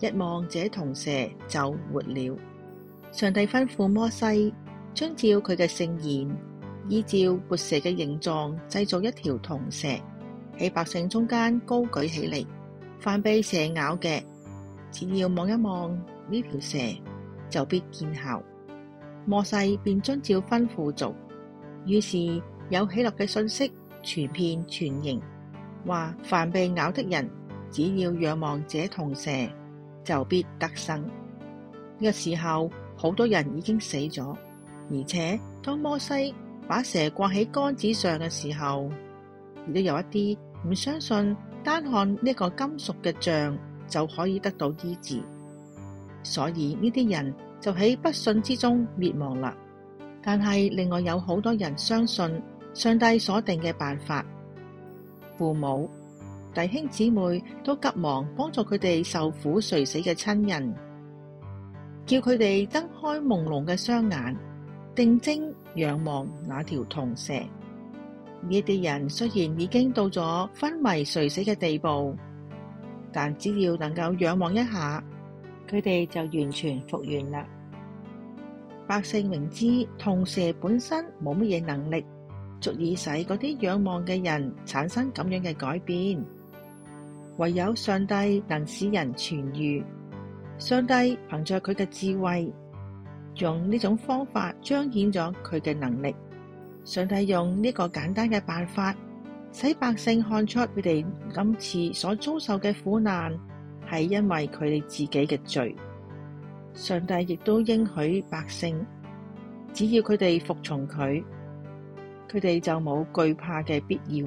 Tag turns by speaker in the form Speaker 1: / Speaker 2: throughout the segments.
Speaker 1: 一望這銅蛇就活了。上帝吩咐摩西遵照佢嘅聖言，依照活蛇嘅形狀製造一條銅蛇，喺百姓中間高舉起嚟。凡被蛇咬嘅，只要望一望呢條蛇，就必見效。摩西便遵照吩咐做，於是有喜樂嘅信息傳遍全營，話凡被咬的人只要仰望這銅蛇，就必得生。呢個時候，好多人已經死咗。而且當摩西把蛇掛喺杆子上嘅時候，亦都有一啲唔相信單看呢個金屬嘅像就可以得到醫治。所以呢啲人就喺不信之中滅亡啦。但係另外有好多人相信上帝所定嘅辦法，父母。弟兄姊妹都急忙幫助佢哋受苦垂死嘅親人，叫佢哋睜開朦朧嘅雙眼，定睛仰望那條銅蛇。呢啲人雖然已經到咗昏迷垂死嘅地步，但只要能夠仰望一下，佢哋就完全復原啦。百姓明知銅蛇本身冇乜嘢能力，足以使嗰啲仰望嘅人產生咁樣嘅改變。唯有上帝能使人痊癒，上帝憑着佢嘅智慧，用呢種方法彰顯咗佢嘅能力。上帝用呢個簡單嘅辦法，使百姓看出佢哋今次所遭受嘅苦難係因為佢哋自己嘅罪。上帝亦都應許百姓，只要佢哋服從佢，佢哋就冇懼怕嘅必要。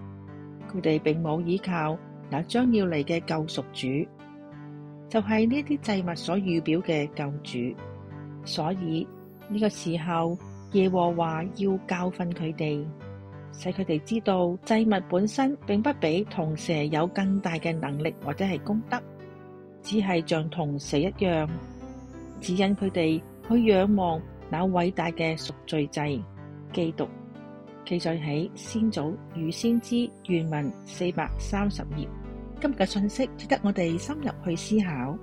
Speaker 1: 佢哋並冇依靠那將要嚟嘅救贖主，就係呢啲祭物所預表嘅救主。所以呢個時候，耶和華要教訓佢哋，使佢哋知道祭物本身並不比銅蛇有更大嘅能力或者係功德，只係像銅蛇一樣，指引佢哋去仰望那偉大嘅贖罪祭，基督。記載喺先祖與先知原文四百三十頁。今日嘅信息值得我哋深入去思考：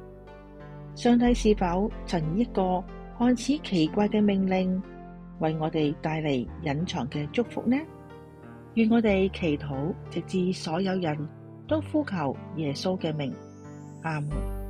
Speaker 1: 上帝是否曾以一個看似奇怪嘅命令，為我哋帶嚟隱藏嘅祝福呢？願我哋祈禱，直至所有人都呼求耶穌嘅名，阿門。